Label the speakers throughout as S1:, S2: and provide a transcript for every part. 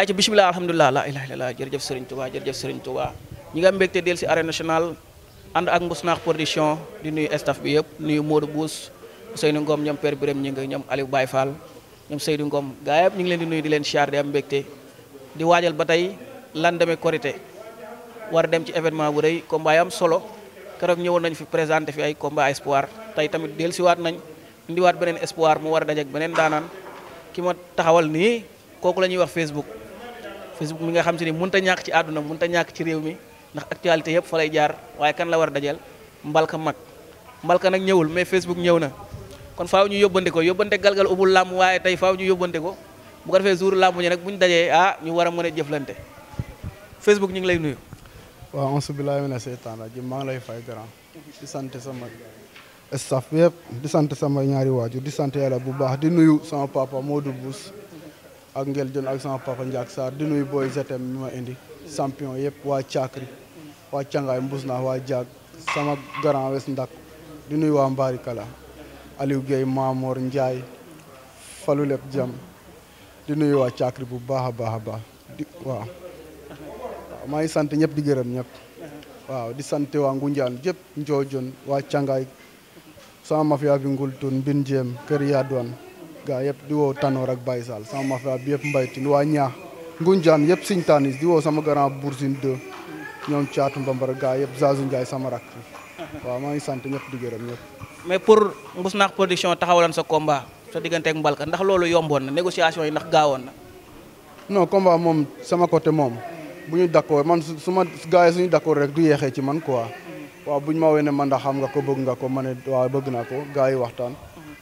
S1: ayca bisimilah alhamdulilah la ilaha illallah jërëjëf Serigne Touba jërëjëf Serigne Touba ñi nga mbégte del si arène nationale ànd ak Mbousnakh production di nuyu staff bi yëpp nuyu Modou Bous Ousseynou ngoom ñoom Père Birame ñi nga ñoom Aliou Baye Fall ñoom Seydou Ngom gaa yëpp ñu ngi leen di nuy di leen siyaar di am di waajal ba tey lan demee Korité war dem ci événement bu rëy combat yi am solo keroog ñëwoon nañ fi présenté fi ay combat espoir tey tamit del siwaat nañ indiwaat beneen espoir mu war a dajeek beneen daanaan ki ma taxawal nii kooku la ñuy wax Facebook facebook mi nga xam si ni mun a ñàkk ci àdduna mun a ñàkk ci réew mi ndax actualité yëpp fa lay jaar waaye kan la war a dajal mbalka mag mbalka nag ñëwul mais facebook ñëw na kon faaw ñu yóbbante ko yóbbante galgal ubul làmb waaye tey faaw ñu yóbbante ko bu ko defee jour làmb ñi nag bu ñu dajee ah ñu war a mën a jëflante facebook ñu ngi lay nuyu
S2: waaw ansu billahi mina seytaan rajim maa ngi lay fay grand di sant sama staff yëpp di sant sama ñaari waajur di sant yàlla bu baax di nuyu sama papa Modou Bous ak Ngel Jon ak sama papa Ndiak Sarr di nuyu booy ZM mi ma indi champion yëpp waa Caakri waa Cangaay mbus naa waa jaag sama grand wes ndak di nuy waa Mbari Kala Aliou Guèye Mamor Ndiaye Fallou Lep Jam di nuyu waa Caakri bu baax a baax a baax di waaw maa ngi sant ñëpp di gërëm ñëpp waaw di sant waa Ngunjaan jëpp Njoojon waa Cangaay sama mafia bi Ngultun Mbin Kër Yadouane gaa yëpp di woo Tanor ak Baye Sall sama mafia bi yëpp mbaytin waa ñaax Ngunjaan yëpp siñ tanis di woo sama grand Boursine 2 ñoom caatu mbambara gaa yëpp Zazu Ndiaye sama rakk waaw maa ngi sant ñëpp di gërëm ñëpp
S1: mais pour Mbousnakh production taxawalan sa combat sa diggante ak Mbalka ndax loolu yomboon na négociation yi ndax gaawoon na
S2: non combat moom sama côté moom bu ñu d'accord man su ma gars yi suñu d'accord rek du yeexee ci man quoi waaw bu ma wee ne man ndax xam nga ko bëgg nga ko ma ne waaw bëgg naa ko gars yi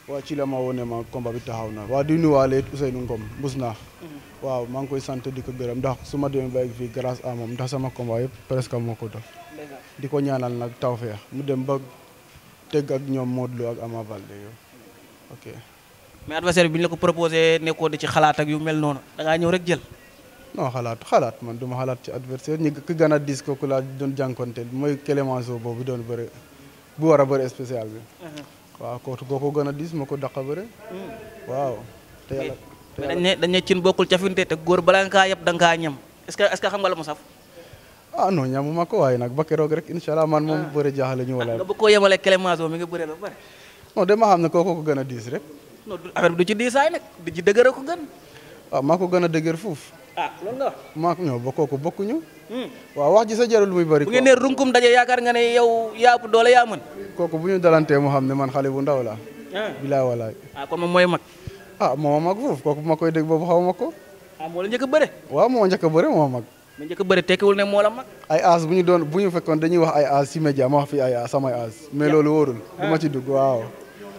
S2: waaw ci la ma woon ma combat bi taxaw na waaw di nuyuwaale Ousseynou Ngom mbus naa mhm. waaw maa ngi koy sant di ko gërëm ndax su ma demee bàyyi fii grâce à moom ndax sama combat yëpp presque moo ko def di ko ñaanal nag tawfeex mu dem ba tëgg ak ñoom Modou Lo ak Ama Baldé yow
S1: ok adversaire bi ñu la ko proposé nekkoo di ci xalaat ak yu mel noonu da ñëw rek jël
S2: non xalaat xalaat man du ma xalaat ci adversaire ñu ki gën a dis kooku laa doon jànkonte mooy Clémenceau boobu doon bëri bu war a bëri spécial bi mhm. waaw kooku koo ko gën a diis ma ko daq a bëre.
S1: waaw. te yàlla te dañ ne dañ ne cin bokkul te góor balaa nga kaa yab da kaa ñam est-ce que est-ce que xam nga la mu saf.
S2: ah non ñamuma ko waaye nag ba keroog rek incha allah man moom ah. bëre jaaxle ñu wala. nga
S1: bëgg koo yemale Clémenceau mi nga bëre ba pare.
S2: non dama xam ne kooku ko gën a diis rek. non affaire bi du ci diisaay nag du ci dëgër ko gën. waaw ah, maa ko gën a dëgër fuuf. ah loolu nga wax. maa ko ñëw ba kooku bokkuñu. Hmm. waaw wax ji sa jarul muy bëri. bu ngeen ne runkum daje yaakaar
S1: nga ne yow yaa ëpp doole yaa mën.
S2: kooku bu ñu dalantee mu xam ne man xale bu ndaw laa. Ah. bilaa walaay. ah kon moom mooy mag. ah moo mag foofu kooku bu ma koy dégg boobu xaw ma ko.
S1: ah a bëre.
S2: waaw moo njëkk a bëre moo mag.
S1: a bëre tekkiwul ne moo la mag.
S2: ay as bu ñu doon bu ñu fekkoon dañuy wax ay as si média ma wax fi ay as samay as. mais loolu wóorul ah. du ma ci dugg waaw.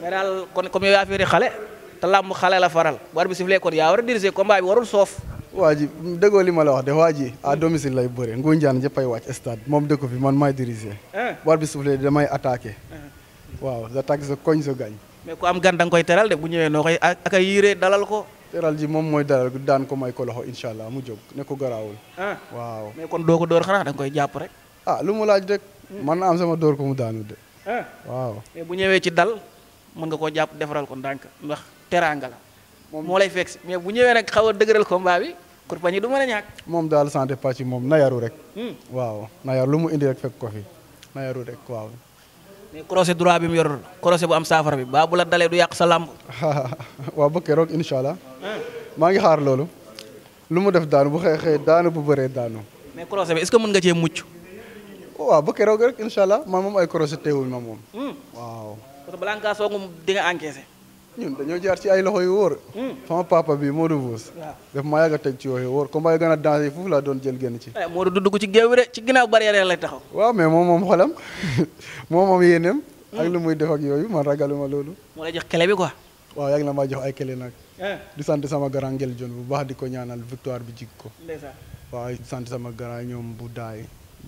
S1: mais daal kon comme yow xale te làmb xale la faral war bi siflee kon yaa war a diriger waa ji
S2: déggoo li ma la wax de waa ji à hmm. domicile lay bëre Ngunjaan jëppay wàcc stade moom dëkk fi man maay diriger. Eh. war bi soufflé damay attaqué. Eh. waaw attaque sa koñ sa gaañ.
S1: mais ko am gan da nga koy teral de bu ñëwee noo koy ak ay yiree dalal ko.
S2: teral ji moom mooy dalal daan ko may ko loxo incha allah mu jóg ne ko garaawul.
S1: Eh. waaw mais kon doo ko
S2: door xanaa danga koy jàpp rek. ah lu mu laaj rek. Hmm. man na am sama dóor ko mu daanu de. waaw
S1: mais bu ñëwee ci dal mën nga koo jàpp defaral ko ndànk ndax teraanga moom moo lay fekk si mais bu ñëwee nag xaw a dëgëral combat bi Kourpañi du mën a ñàkk.
S2: moom daal santé pàcc moom nayaru rek. Hmm. waaw nayaru lu mu indi rek fekk ko fi
S1: nayaru rek waaw. mais croisé bi mu yor croisé bu am saafara bi ba bu dalee du yàq sa
S2: waaw ba keroog incha allah. maa ngi xaar loolu. mu def daanu bu xeexee daanu bu bëree daanu.
S1: mais croisé bi est-ce que mën nga cee mucc.
S2: waaw moom ay croisé teewul hmm.
S1: balaa ngaa soog di nga
S2: ñun dañoo jaar ci ay loxo yu wóor. Hmm. sama papa bi moo Bouss. waaw daf maa yàgg a teg ci yoo xam wóor combat yu gën a dansé foofu laa doon jël génn ci. moo
S1: eh, Modou du dugg ci géew de ci ginnaaw barrière lay taxaw.
S2: waaw mais moom moom xolam moom moom yéeneem. Hmm. ak lu muy def ak yooyu man ragaluma loolu.
S1: moo lay jox clé bi quoi.
S2: waaw yàgg na maa jox ay clé nag. Eh. di sant sama grand ngel jon bu baax di ko ñaanal victoire bi jig ko. ndeysaan waaw di sant sama grand ñoom bu daay.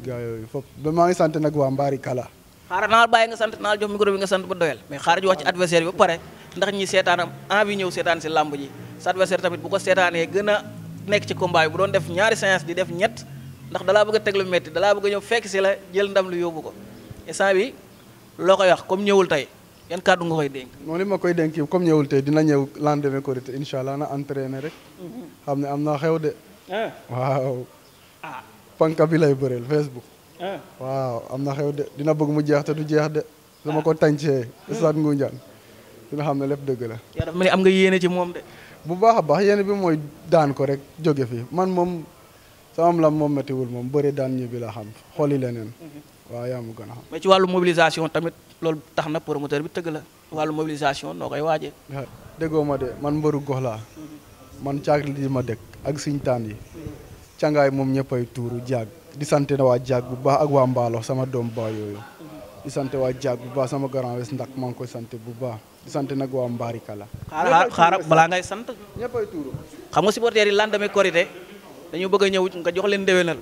S2: gaa yooyu foofu ba maa sant nag waa ba
S1: doyal mais xaaral ji wax ba pare ndax ñi seetaan envie ñëw seetaan si làmb ji sa adversaire tamit bu ko seetaanee gën a nekk ci combat bu doon def ñaari séance di def ñett ndax dalaa bëgg a teg lu métti dalaa bëgg a ñëw fekk si la jël ndam lu yóbbu ko instant bi loo ko wax comme ñëwul tey yan kàddu nga koy dénk.
S2: non li ma koy dénk yi comme ñëwul tey dina ñëw lendemain Korité incha allah na entraîné rek. Mm-hmm. xam ne am na xew de. Ah. waaw. Ah. panka bi lay bëreel Facebook. Ah. waaw am na xew de dina bëgg mu jeex te du jeex de. dama ko tàncee stade Ngoundiane. dina xam ne lépp dëgg la. yaa dafa am nga
S1: yéene ci moom de.
S2: bu baax a baax yéene bi mooy daan ko rek jóge fi man moom sama la moom méttiwul moom bëri daan bi la xam xooli leneen. Mhm. waaw yaa ma
S1: gën a xam. ci wàllu mobilisation tamit loolu tax na promoteur bi tëgg la wàllu mobilisation noo koy waajee.
S2: Ah, déggoo ma de man mbëru gox laa mhm. man caag li ma dëkk ak suñ taan yi. Mhm. cangaay moom ñëppay tuuru jaag di sant na waa jaag bu baax ak waa mbaalo sama doom baa yooyu. di sant waa jaag bu baa sama grand wes ndax maa ngi koy sant bu baax di sant nag waa mbaari
S1: kala xaaral xaaral balaa ngay sant ñëppay tuuru xam nga supporters yi lendemain korité dañu bëgg a ñëw nga jox leen déwénal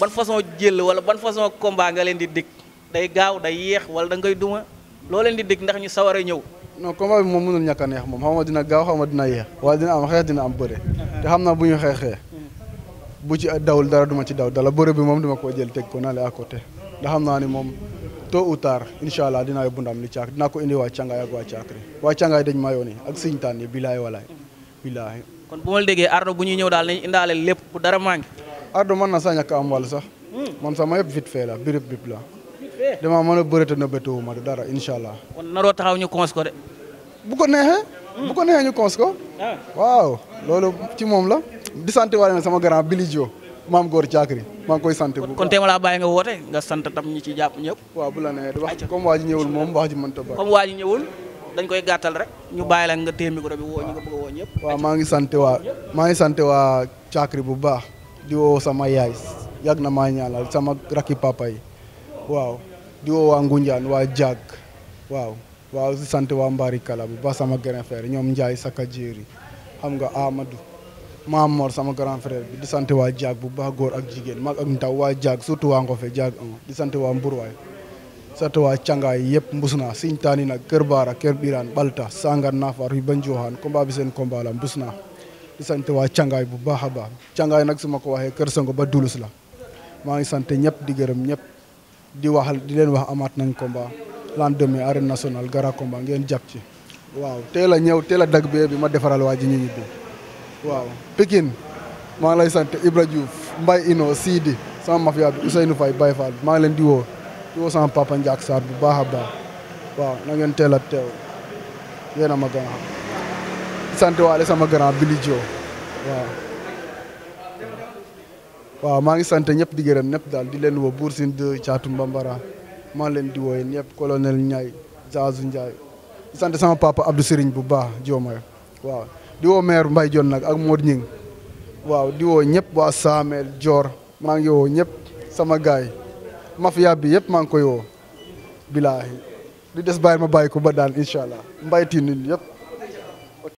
S1: ban façon jël wala ban façon combat nga leen di dig day gaaw day yéex wala da ngay duma loo leen di dig ndax ñu sawar ñëw
S2: no combat bi moom mënul ñàkk neex moom xaw ma dina gaaw xaw ma dina yéex wala dina am xeex dina am bëre te xam naa bu ñu xeexee bu ci dawul dara duma ci daw dala bëre bi moom duma koo jël teg ko nale à côté ndax naa ni moom tôt ou tard allah dinaa yóbbu ndam li caak dinaa ko indi waa càngaay ak waa caakri waa càngaay dañ maa yónni ak sëñ tànn yi bilaay walaay bilaay
S1: kon bu ma la ardo bu ñuy ñëw daal nañ indaale lépp bu dara manqué
S2: ardo man na sa ñàkk am wàll sax hmm. man sama yëpp vite fait la birib la dama mën a bërëte na bétuwu ma dara incha allah
S1: kon naroo taxaw ñu cons ko de bu ko
S2: neexee hmm. bu ko neexee ñu cons ko ah. waaw loolu ci moom la di sant waale na sama grand Billy maam góor Caakri maa ngi koy sant bu kon
S1: téema laa bàyyi nga woote nga sant tam ñu ci jàpp ñëpp waaw bu la nee wax comme waa ji ñëwul moom wax ji mënta bari comme waa ji ñëwul dañ koy gàttal rek ñu bàyyi la nga téemi ko bi woo ñi nga bëgg a
S2: woo ñëpp waaw maa ngi sant waa maa ngi sant waa Caakri bu baax di woo sama yaay yàgg na maa ñaanal sama rakki papa yi waaw di woo waa Ngunjaan waa Jaag waaw waaw di waa Mbari Kala bu baax sama grand frère ñoom Ndiaye Saka Jéeri xam nga Amadou maam Mor sama grand frère bi di sant waa Diag bu baax góor ak jigéen mag ak ndaw waa Diag surtout waa Ngofe Diag di sant waa Mbourwaay sant waa Cangaay yëpp Mbusna Sintani nag Kër Baara Kër Birane Balta Sangar Nafar yu bañ joxaan komba bi seen combat la Mbusna di sant waa Cangaay bu baax a baax Cangaay nag su ma ko waxee Kër Sango ba Dulus la maa ngi sant ñëpp di gërëm ñëpp di waxal di leen wax amaat nañ combat lendemain arène nationale gara komba ngeen jàpp ci waaw te a ñëw teel a dag bi ma defaral waa ji waaw Pikine maa ngi lay sant Ibra Diouf Mbaye Ino Sidi sama mafia bi Ousseynou Faye Baye Fall maa ngi leen di woo di woo sama papa Ndiak Sarr bu baax a baax waaw nangeen ngeen a teew yéen a ma sant waale sama grand Billy Dio waaw maa ngi sant ñëpp di gërëm ñëpp daal di leen woo buur Sine de Thiatou Mbambara maa ngi leen di wooyee ñëpp colonel Ndiaye Zazu Ndiaye di sant sama papa Abdou Serigne bu baax Diomaye waaw di woo maire Mbaye Dione nag ak Modou Ñing waaw di woo ñëpp waa Saamel joor maa ngi woo ñëpp sama gaay mafia bi yëpp maa ngi koy woo bilaahi li des bàyyi ma bàyyi ko ba daan incha allah mbaytin ñun yëpp